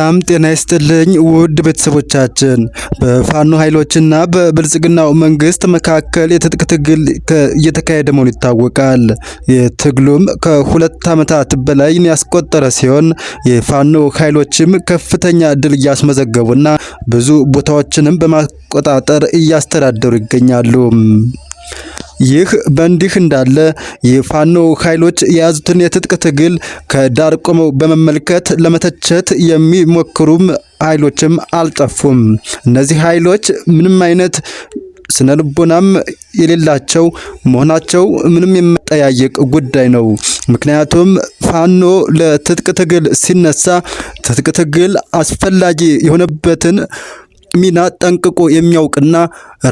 ሰላም ጤና ይስጥልኝ ውድ ቤተሰቦቻችን። በፋኖ ኃይሎችና በብልጽግናው መንግስት መካከል የትጥቅ ትግል እየተካሄደ መሆኑ ይታወቃል። የትግሉም ከሁለት ዓመታት በላይ ያስቆጠረ ሲሆን የፋኖ ኃይሎችም ከፍተኛ ድል እያስመዘገቡና ብዙ ቦታዎችንም በማቆጣጠር እያስተዳደሩ ይገኛሉ። ይህ በእንዲህ እንዳለ የፋኖ ኃይሎች የያዙትን የትጥቅ ትግል ከዳር ቆመው በመመልከት ለመተቸት የሚሞክሩም ኃይሎችም አልጠፉም። እነዚህ ኃይሎች ምንም አይነት ስነ ልቦናም የሌላቸው መሆናቸው ምንም የመጠያየቅ ጉዳይ ነው። ምክንያቱም ፋኖ ለትጥቅ ትግል ሲነሳ ትጥቅ ትግል አስፈላጊ የሆነበትን ሚና ጠንቅቆ የሚያውቅና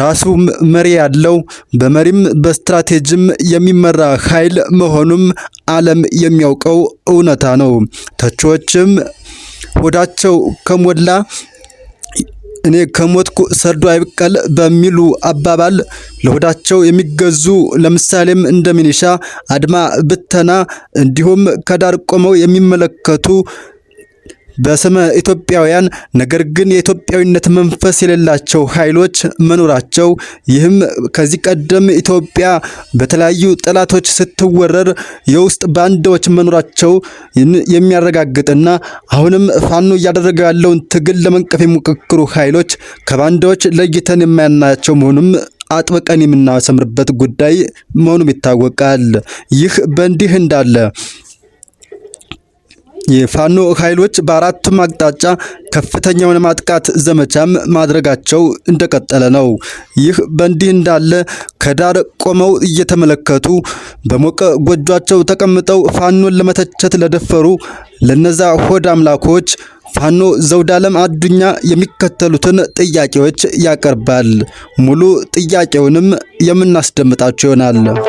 ራሱ መሪ ያለው በመሪም በስትራቴጂም የሚመራ ኃይል መሆኑም ዓለም የሚያውቀው እውነታ ነው። ተቺዎችም ሆዳቸው ከሞላ እኔ ከሞትኩ ሰርዶ አይብቀል በሚሉ አባባል ለሆዳቸው የሚገዙ ለምሳሌም እንደ ሚኒሻ፣ አድማ ብተና እንዲሁም ከዳር ቆመው የሚመለከቱ በስመ ኢትዮጵያውያን ነገር ግን የኢትዮጵያዊነት መንፈስ የሌላቸው ኃይሎች መኖራቸው ይህም ከዚህ ቀደም ኢትዮጵያ በተለያዩ ጠላቶች ስትወረር የውስጥ ባንዳዎች መኖራቸው የሚያረጋግጥና አሁንም ፋኖ እያደረገ ያለውን ትግል ለመንቀፍ የሚሞክሩ ኃይሎች ከባንዳዎች ለይተን የማያናቸው መሆኑም አጥብቀን የምናሰምርበት ጉዳይ መሆኑም ይታወቃል። ይህ በእንዲህ እንዳለ የፋኖ ኃይሎች በአራቱም አቅጣጫ ከፍተኛውን ማጥቃት ዘመቻም ማድረጋቸው እንደቀጠለ ነው። ይህ በእንዲህ እንዳለ ከዳር ቆመው እየተመለከቱ በሞቀ ጎጇቸው ተቀምጠው ፋኖን ለመተቸት ለደፈሩ ለነዛ ሆድ አምላኮች ፋኖ ዘውዳለም አዱኛ የሚከተሉትን ጥያቄዎች ያቀርባል። ሙሉ ጥያቄውንም የምናስደምጣቸው ይሆናል።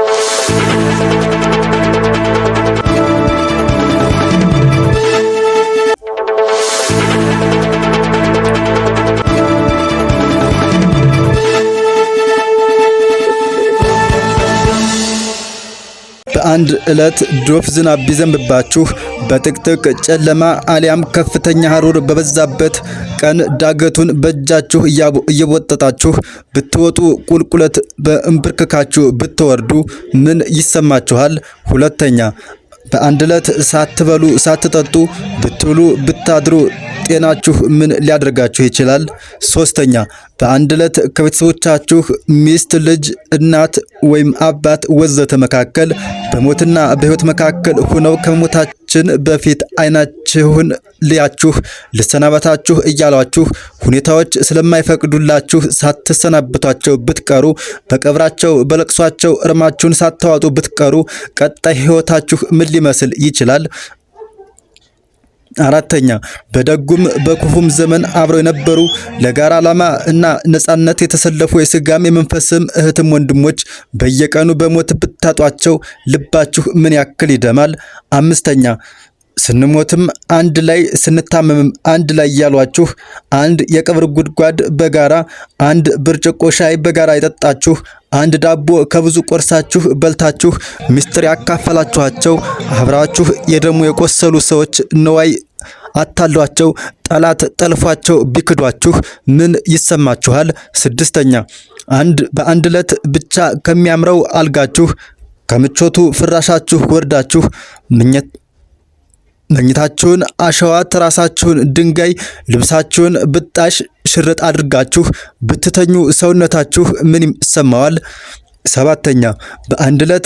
በአንድ ዕለት ዶፍ ዝናብ ቢዘንብባችሁ በጥቅጥቅ ጨለማ አሊያም ከፍተኛ ሐሩር በበዛበት ቀን ዳገቱን በእጃችሁ እየወጠጣችሁ ብትወጡ ቁልቁለት በእንብርክካችሁ ብትወርዱ ምን ይሰማችኋል? ሁለተኛ በአንድ ዕለት ሳትበሉ ሳትጠጡ ብትውሉ ብታድሩ ጤናችሁ ምን ሊያደርጋችሁ ይችላል? ሶስተኛ በአንድ ዕለት ከቤተሰቦቻችሁ ሚስት፣ ልጅ፣ እናት ወይም አባት ወዘተ መካከል በሞትና በህይወት መካከል ሁነው ከመሞታችን በፊት አይናችሁን ልያችሁ ልሰናበታችሁ እያሏችሁ ሁኔታዎች ስለማይፈቅዱላችሁ ሳትሰናብቷቸው ብትቀሩ በቀብራቸው በለቅሷቸው እርማችሁን ሳታዋጡ ብትቀሩ ቀጣይ ህይወታችሁ ምን ሊመስል ይችላል? አራተኛ በደጉም በክፉም ዘመን አብረው የነበሩ ለጋራ ዓላማ እና ነጻነት የተሰለፉ የስጋም የመንፈስም እህትም ወንድሞች በየቀኑ በሞት ብታጧቸው ልባችሁ ምን ያክል ይደማል? አምስተኛ ስንሞትም አንድ ላይ ስንታመምም አንድ ላይ ያሏችሁ፣ አንድ የቀብር ጉድጓድ በጋራ አንድ ብርጭቆ ሻይ በጋራ የጠጣችሁ፣ አንድ ዳቦ ከብዙ ቆርሳችሁ በልታችሁ ምስጢር ያካፈላችኋቸው አብራችሁ የደሙ የቆሰሉ ሰዎች ነዋይ አታሏቸው ጠላት ጠልፏቸው ቢክዷችሁ ምን ይሰማችኋል? ስድስተኛ አንድ በአንድ ዕለት ብቻ ከሚያምረው አልጋችሁ ከምቾቱ ፍራሻችሁ ወርዳችሁ ምኘት መኝታችሁን አሸዋ ትራሳችሁን ድንጋይ ልብሳችሁን ብጣሽ ሽርጥ አድርጋችሁ ብትተኙ ሰውነታችሁ ምን ይሰማዋል? ሰባተኛ በአንድ ዕለት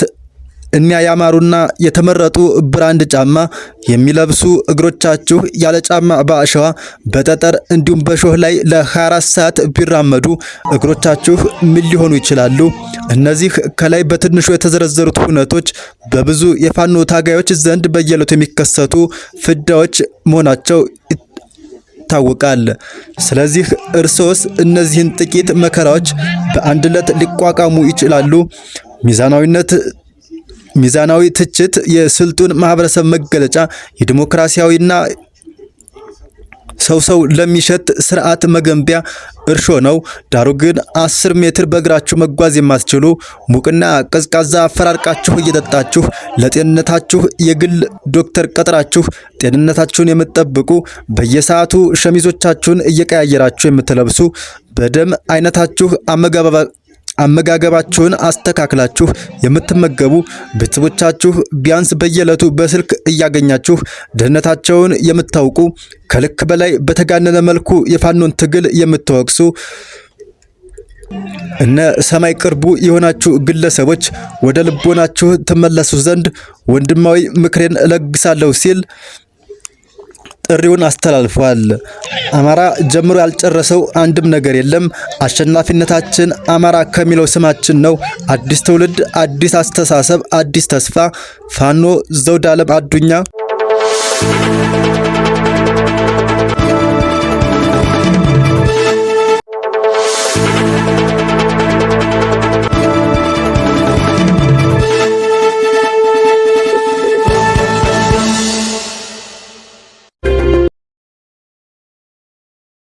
እኒያ ያማሩና የተመረጡ ብራንድ ጫማ የሚለብሱ እግሮቻችሁ ያለ ጫማ በአሸዋ በጠጠር እንዲሁም በሾህ ላይ ለ24 ሰዓት ቢራመዱ እግሮቻችሁ ምን ሊሆኑ ይችላሉ? እነዚህ ከላይ በትንሹ የተዘረዘሩት ሁነቶች በብዙ የፋኖ ታጋዮች ዘንድ በየለቱ የሚከሰቱ ፍዳዎች መሆናቸው ይታወቃል። ስለዚህ እርሶስ እነዚህን ጥቂት መከራዎች በአንድ ዕለት ሊቋቋሙ ይችላሉ? ሚዛናዊነት ሚዛናዊ ትችት የስልጡን ማህበረሰብ መገለጫ የዲሞክራሲያዊና ሰው ሰው ለሚሸት ስርዓት መገንቢያ እርሾ ነው። ዳሩ ግን አስር ሜትር በእግራችሁ መጓዝ የማትችሉ ሙቅና ቀዝቃዛ አፈራርቃችሁ እየጠጣችሁ ለጤንነታችሁ የግል ዶክተር ቀጥራችሁ ጤንነታችሁን የምትጠብቁ በየሰዓቱ ሸሚዞቻችሁን እየቀያየራችሁ የምትለብሱ በደም አይነታችሁ አመጋገባችሁን አስተካክላችሁ የምትመገቡ ቤተሰቦቻችሁ ቢያንስ በየዕለቱ በስልክ እያገኛችሁ ድህነታቸውን የምታውቁ ከልክ በላይ በተጋነነ መልኩ የፋኖን ትግል የምትወቅሱ እነ ሰማይ ቅርቡ የሆናችሁ ግለሰቦች ወደ ልቦናችሁ ትመለሱ ዘንድ ወንድማዊ ምክሬን እለግሳለሁ ሲል ጥሪውን አስተላልፏል። አማራ ጀምሮ ያልጨረሰው አንድም ነገር የለም። አሸናፊነታችን አማራ ከሚለው ስማችን ነው። አዲስ ትውልድ፣ አዲስ አስተሳሰብ፣ አዲስ ተስፋ። ፋኖ ዘውድ አለም አዱኛ